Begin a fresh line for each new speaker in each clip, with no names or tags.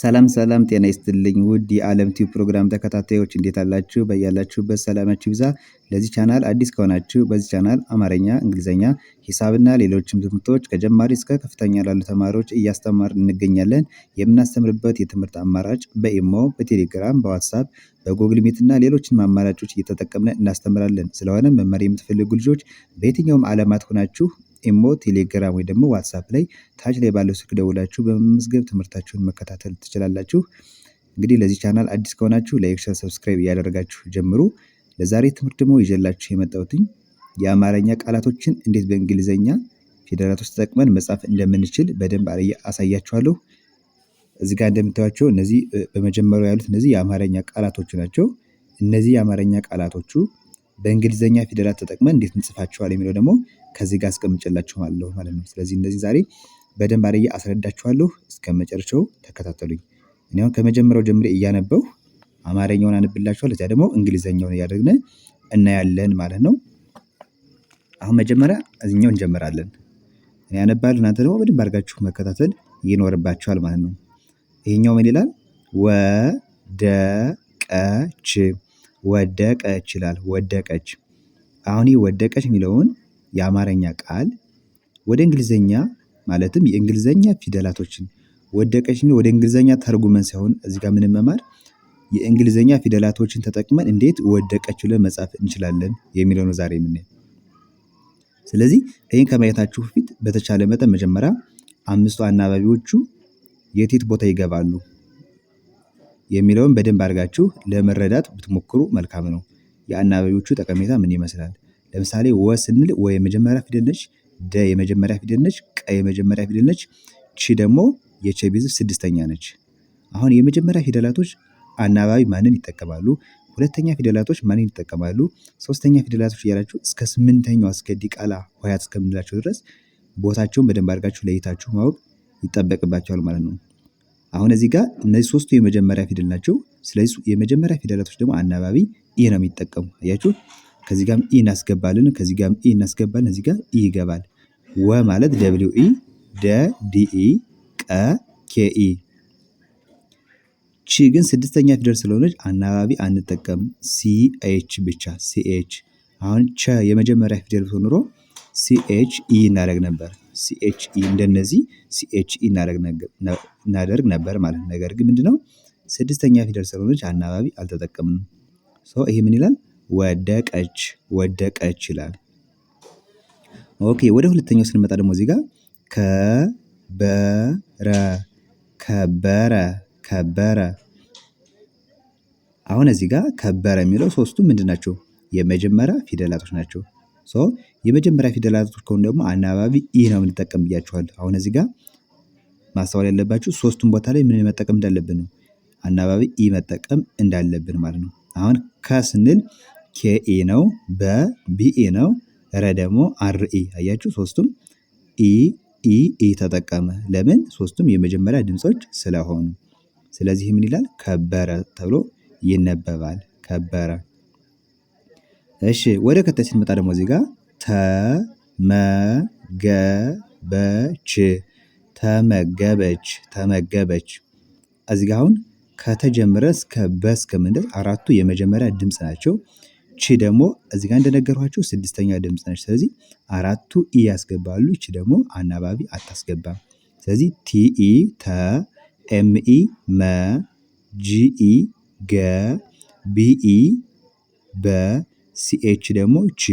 ሰላም ሰላም ጤና ይስጥልኝ ውድ የዓለም ቲዩብ ፕሮግራም ተከታታዮች እንዴት አላችሁ? በያላችሁበት ሰላማችሁ ይብዛ። ለዚህ ቻናል አዲስ ከሆናችሁ በዚህ ቻናል አማርኛ፣ እንግሊዝኛ፣ ሂሳብና ሌሎችም ትምህርቶች ከጀማሪ እስከ ከፍተኛ ላሉ ተማሪዎች እያስተማር እንገኛለን። የምናስተምርበት የትምህርት አማራጭ በኢሞ፣ በቴሌግራም፣ በዋትሳፕ፣ በጎግል ሚትና ሌሎችንም አማራጮች እየተጠቀምን እናስተምራለን። ስለሆነ መማር የምትፈልጉ ልጆች በየትኛውም ዓለማት ሆናችሁ ኢሞ ቴሌግራም ወይ ደግሞ ዋትሳፕ ላይ ታች ላይ ባለው ስልክ ደውላችሁ በመመዝገብ ትምህርታችሁን መከታተል ትችላላችሁ። እንግዲህ ለዚህ ቻናል አዲስ ከሆናችሁ ላይክ ሰብስክራይብ እያደረጋችሁ ጀምሩ። ለዛሬ ትምህርት ደግሞ ይዤላችሁ የመጣሁትኝ የአማርኛ ቃላቶችን እንዴት በእንግሊዘኛ ፊደላት ውስጥ ተጠቅመን መጻፍ እንደምንችል በደንብ አሳያችኋለሁ። እዚህ ጋር እንደምታዩቸው እነዚህ በመጀመሪያው ያሉት እነዚህ የአማርኛ ቃላቶቹ ናቸው። እነዚህ የአማርኛ ቃላቶቹ በእንግሊዘኛ ፊደላት ተጠቅመን እንዴት እንጽፋቸዋለን የሚለው ደግሞ ከዚህ ጋር አስቀምጬላችኋለሁ ማለት ነው። ስለዚህ እነዚህ ዛሬ በደንብ አድርጌ አስረዳችኋለሁ። መጨረሻው ተከታተሉኝ። እኔም ከመጀመሪያው ጀምሬ እያነበው አማርኛውን አንብላችኋል። እዚያ ደግሞ እንግሊዘኛውን እያደረግን እናያለን ማለት ነው። አሁን መጀመሪያ እዚኛው እንጀምራለን። እኔ አነባለሁ እናንተ ደግሞ በደንብ አድርጋችሁ መከታተል ይኖርባችኋል ማለት ነው። ይሄኛው ምን ይላል? ወደቀች ወደቀች ይላል ወደቀች አሁን ወደቀች የሚለውን የአማርኛ ቃል ወደ እንግሊዘኛ ማለትም የእንግሊዘኛ ፊደላቶችን ወደቀች የሚለው ወደ እንግሊዘኛ ተርጉመን ሳይሆን እዚህ ጋር መማር የእንግሊዘኛ ፊደላቶችን ተጠቅመን እንዴት ወደቀች ብለን መጻፍ እንችላለን የሚለው ነው ዛሬ የምናየው። ስለዚህ ይህን ከማየታችሁ በፊት በተቻለ መጠን መጀመሪያ አምስቱ አናባቢዎቹ የት የት ቦታ ይገባሉ የሚለውን በደንብ አድርጋችሁ ለመረዳት ብትሞክሩ መልካም ነው። የአናባቢዎቹ ጠቀሜታ ምን ይመስላል? ለምሳሌ ወ ስንል ወ የመጀመሪያ ፊደል ነች። ደ የመጀመሪያ ፊደል ነች። ቀ የመጀመሪያ ፊደል ነች። ቺ ደግሞ የቼ ቤተሰብ ስድስተኛ ነች። አሁን የመጀመሪያ ፊደላቶች አናባቢ ማንን ይጠቀማሉ? ሁለተኛ ፊደላቶች ማንን ይጠቀማሉ? ሶስተኛ ፊደላቶች እያላችሁ እስከ ስምንተኛው እስከ ዲቃላ ሆያት እስከምንላቸው ድረስ ቦታቸውን በደንብ አድርጋችሁ ለይታችሁ ማወቅ ይጠበቅባቸዋል ማለት ነው አሁን እዚህ ጋር እነዚህ ሶስቱ የመጀመሪያ ፊደል ናቸው። ስለዚህ የመጀመሪያ ፊደላቶች ደግሞ አናባቢ ኢ ነው የሚጠቀሙ። አያችሁ ከዚህ ጋም ኢ እናስገባልን ከዚህ ጋም ኢ እናስገባልን እዚህ ጋር ኢ ይገባል። ወ ማለት ደብሊው ኢ ደ ዲኢ ቀ ኬኢ። ቺ ግን ስድስተኛ ፊደል ስለሆነች አናባቢ አንጠቀም፣ ሲኤች ብቻ ሲኤች። አሁን ቸ የመጀመሪያ ፊደል ሆኖ ኑሮ ሲኤች ኢ እናደርግ ነበር። ሲኤችኢ እንደነዚህ ሲኤችኢ እናደርግ ነበር ማለት ነው። ነገር ግን ምንድነው ስድስተኛ ፊደል ስለሆነች አናባቢ አልተጠቀምንም። ሶ ይሄ ምን ይላል? ወደቀች ወደቀች ይላል። ኦኬ ወደ ሁለተኛው ስንመጣ ደግሞ እዚህ ጋር ከበረ ከበረ ከበረ አሁን እዚህ ጋር ከበረ የሚለው ሶስቱ ምንድን ናቸው? የመጀመሪያ ፊደላቶች ናቸው። ሶ የመጀመሪያ ፊደላቶች ከሆኑ ደግሞ አናባቢ ኢ ነው የምንጠቀም ብያችኋል። አሁን እዚህ ጋር ማስተዋል ያለባችሁ ሶስቱም ቦታ ላይ ምን መጠቀም እንዳለብን ነው። አናባቢ ኢ መጠቀም እንዳለብን ማለት ነው። አሁን ከ ስንል ኬኢ ነው፣ በ ነው፣ ረ ደግሞ ኢ። አያችሁ ሶስቱም ኢ ኢ ኢ ተጠቀመ። ለምን? ሶስቱም የመጀመሪያ ድምፆች ስለሆኑ። ስለዚህ ምን ይላል? ከበረ ተብሎ ይነበባል። ከበረ እሺ ወደ ከታይ ስንመጣ ደግሞ እዚህ ጋር ተመገበች ተመገበች ተመገበች እዚህ ጋ አሁን ከተጀመረ እስከ በስከምን ድረስ አራቱ የመጀመሪያ ድምፅ ናቸው። ቺ ደግሞ እዚህ ጋ እንደነገርኋቸው ስድስተኛ ድምፅ ነች። ስለዚህ አራቱ ኢ ያስገባሉ። ቺ ደግሞ አናባቢ አታስገባም። ስለዚህ ቲ፣ ተ ኤምኢ መ ጂኢ ገ ቢኢ በ ሲኤች ደግሞ ች።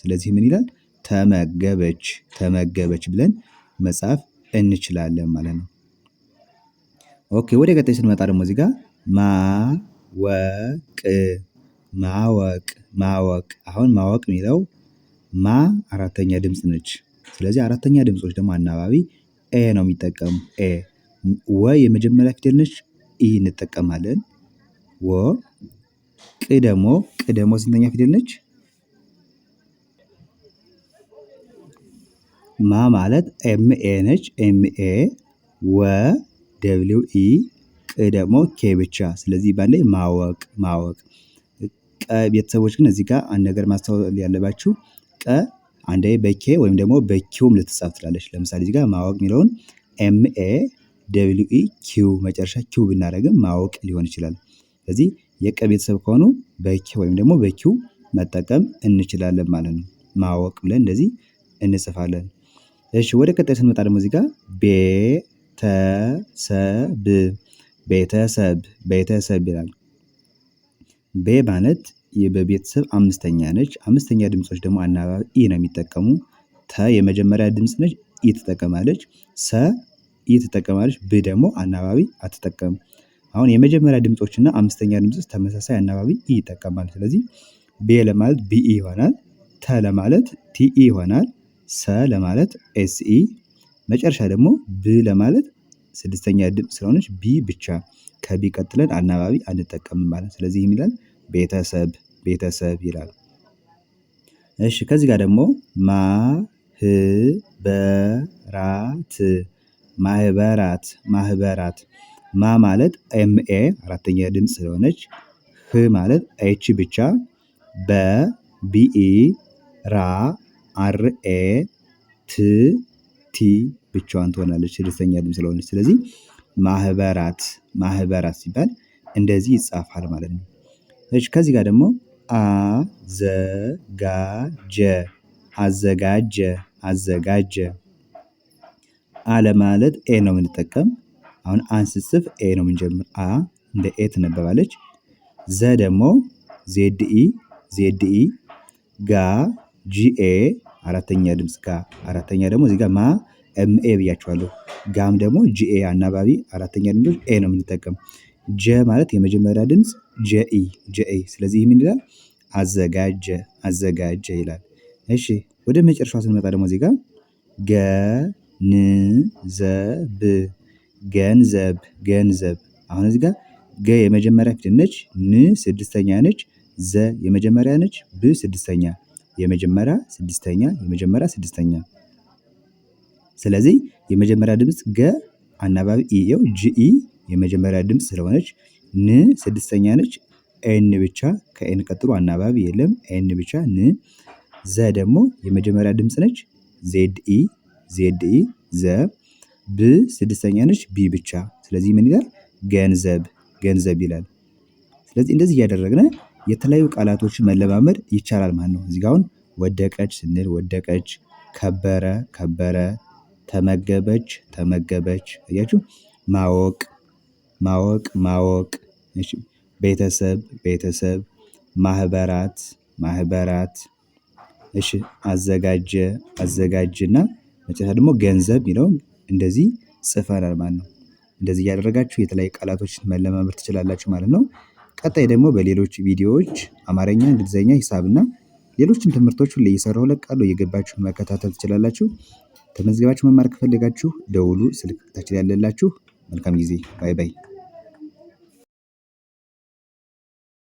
ስለዚህ ምን ይላል? ተመገበች ተመገበች ብለን መጻፍ እንችላለን ማለት ነው። ኦኬ ወደ ቀጣይ ስንመጣ ደግሞ እዚህ ጋር ማወቅ ማወቅ ማወቅ። አሁን ማወቅ የሚለው ማ አራተኛ ድምፅ ነች። ስለዚህ አራተኛ ድምፆች ደግሞ አናባቢ ኤ ነው የሚጠቀሙ። ኤ ወ የመጀመሪያ ፊደል ነች። ኢ እንጠቀማለን። ወ ቅ ደግሞ ቅ ደግሞ ስንተኛ ፊደል ነች? ማ ማለት ኤምኤ ነች። ኤምኤ ወ ደብሊው ኢ ቅ ደግሞ ኬ ብቻ። ስለዚህ ባንዴ ማወቅ ማወቅ። ቀ ቤተሰቦች ግን እዚህ ጋር አንድ ነገር ማስታወል ያለባችሁ ቀ አንዴ በኬ ወይም ደግሞ በኪውም ልትጻፍ ትላለች። ለምሳሌ እዚህ ጋር ማወቅ የሚለውን ኤምኤ ደብሊው ኢ ኪው መጨረሻ ኪው ብናደርግም ማወቅ ሊሆን ይችላል። ስለዚህ የቀ ቤተሰብ ከሆኑ በኪ ወይም ደግሞ በኪው መጠቀም እንችላለን ማለት ነው። ማወቅ ብለን እንደዚህ እንጽፋለን። እሺ ወደ ቀጣይ ስንመጣ ደግሞ እዚህ ቤተሰብ ቤተሰብ ቤተሰብ ይላል። ቤ ማለት በቤተሰብ አምስተኛ ነች። አምስተኛ ድምፆች ደግሞ አናባቢ ኢ ነው የሚጠቀሙ። ተ የመጀመሪያ ድምፅ ነች፣ ኢ ትጠቀማለች። ሰ ኢ ትጠቀማለች። ብ ደግሞ አናባቢ አትጠቀምም። አሁን የመጀመሪያ ድምጾች እና አምስተኛ ድምጾች ተመሳሳይ አናባቢ ኢ ይጠቀማል። ስለዚህ ቤ ለማለት ቢኢ ይሆናል። ተ ለማለት ቲኢ ይሆናል። ሰ ለማለት ኤስኢ መጨረሻ ደግሞ ብ ለማለት ስድስተኛ ድምፅ ስለሆነች ቢ ብቻ ከቢ ቀጥለን አናባቢ አንጠቀምም ማለት ስለዚህ የሚላል ቤተሰብ ቤተሰብ ይላል። እሺ ከዚህ ጋር ደግሞ ማህበራት ማህበራት ማህበራት ማ ማለት ኤምኤ አራተኛ ድምፅ ስለሆነች ህ ማለት ኤች ብቻ በ ቢኢ ራ አርኤ ት ቲ ብቻዋን ትሆናለች ስድስተኛ ድምፅ ስለሆነች። ስለዚህ ማህበራት ማህበራት ሲባል እንደዚህ ይጻፋል ማለት ነው። እሺ ከዚህ ጋር ደግሞ አ ዘ ጋ ጀ አዘጋጀ አዘጋጀ አለ ማለት ኤ ነው የምንጠቀም አሁን አንስጽፍ ኤ ነው የምንጀምር። አ እንደ ኤ ትነበባለች። ዘ ደግሞ ዜድ ኢ ዜድ ኢ ጋ ጂኤ አራተኛ ድምፅ ጋ አራተኛ ደግሞ እዚህ ማ ኤምኤ ብያቸዋለሁ። ጋም ደግሞ ጂኤ አናባቢ አራተኛ ድምፅ ኤ ነው የምንጠቀም። ጀ ማለት የመጀመሪያ ድምፅ ጀኢ ጀኢ። ስለዚህ ይህ ምን ይላል? አዘጋጀ አዘጋጀ ይላል። እሺ ወደ መጨረሻው ስንመጣ ደግሞ እዚህ ጋ ገንዘብ ገንዘብ ገንዘብ አሁን እዚህ ጋር ገ የመጀመሪያ ፊደል ነች። ን ስድስተኛ ነች። ዘ የመጀመሪያ ነች። ብ ስድስተኛ የመጀመሪያ ስድስተኛ የመጀመሪያ ስድስተኛ። ስለዚህ የመጀመሪያ ድምፅ ገ አናባቢ ኢ ው ጂኢ የመጀመሪያ ድምፅ ስለሆነች ን ስድስተኛ ነች። ኤን ብቻ ከኤን ቀጥሎ አናባቢ የለም። ኤን ብቻ ን። ዘ ደግሞ የመጀመሪያ ድምፅ ነች። ዜድ ኢ ዜድ ኢ ዘ ብ ስድስተኛ ነች ቢ ብቻ። ስለዚህ ምን ይላል? ገንዘብ ገንዘብ ይላል። ስለዚህ እንደዚህ እያደረግነ የተለያዩ ቃላቶችን መለማመድ ይቻላል ማለት ነው። እዚጋ አሁን ወደቀች ስንል ወደቀች፣ ከበረ ከበረ፣ ተመገበች ተመገበች። እያችሁ ማወቅ ማወቅ ማወቅ፣ ቤተሰብ ቤተሰብ፣ ማህበራት ማህበራት። እሺ አዘጋጀ አዘጋጅና መጨረሻ ደግሞ ገንዘብ የሚለውን እንደዚህ ጽፈናል ማለት ነው። እንደዚህ እያደረጋችሁ የተለያዩ ቃላቶች መለማመድ ትችላላችሁ ማለት ነው። ቀጣይ ደግሞ በሌሎች ቪዲዮዎች አማርኛ እንግሊዘኛ ሂሳብና ሌሎችም ትምህርቶች ሁሌ እየሰራሁ እለቃለሁ እየገባችሁ መከታተል ትችላላችሁ። ተመዝግባችሁ መማር ከፈለጋችሁ ደውሉ፣ ስልክ ታች ያለላችሁ። መልካም ጊዜ። ባይ ባይ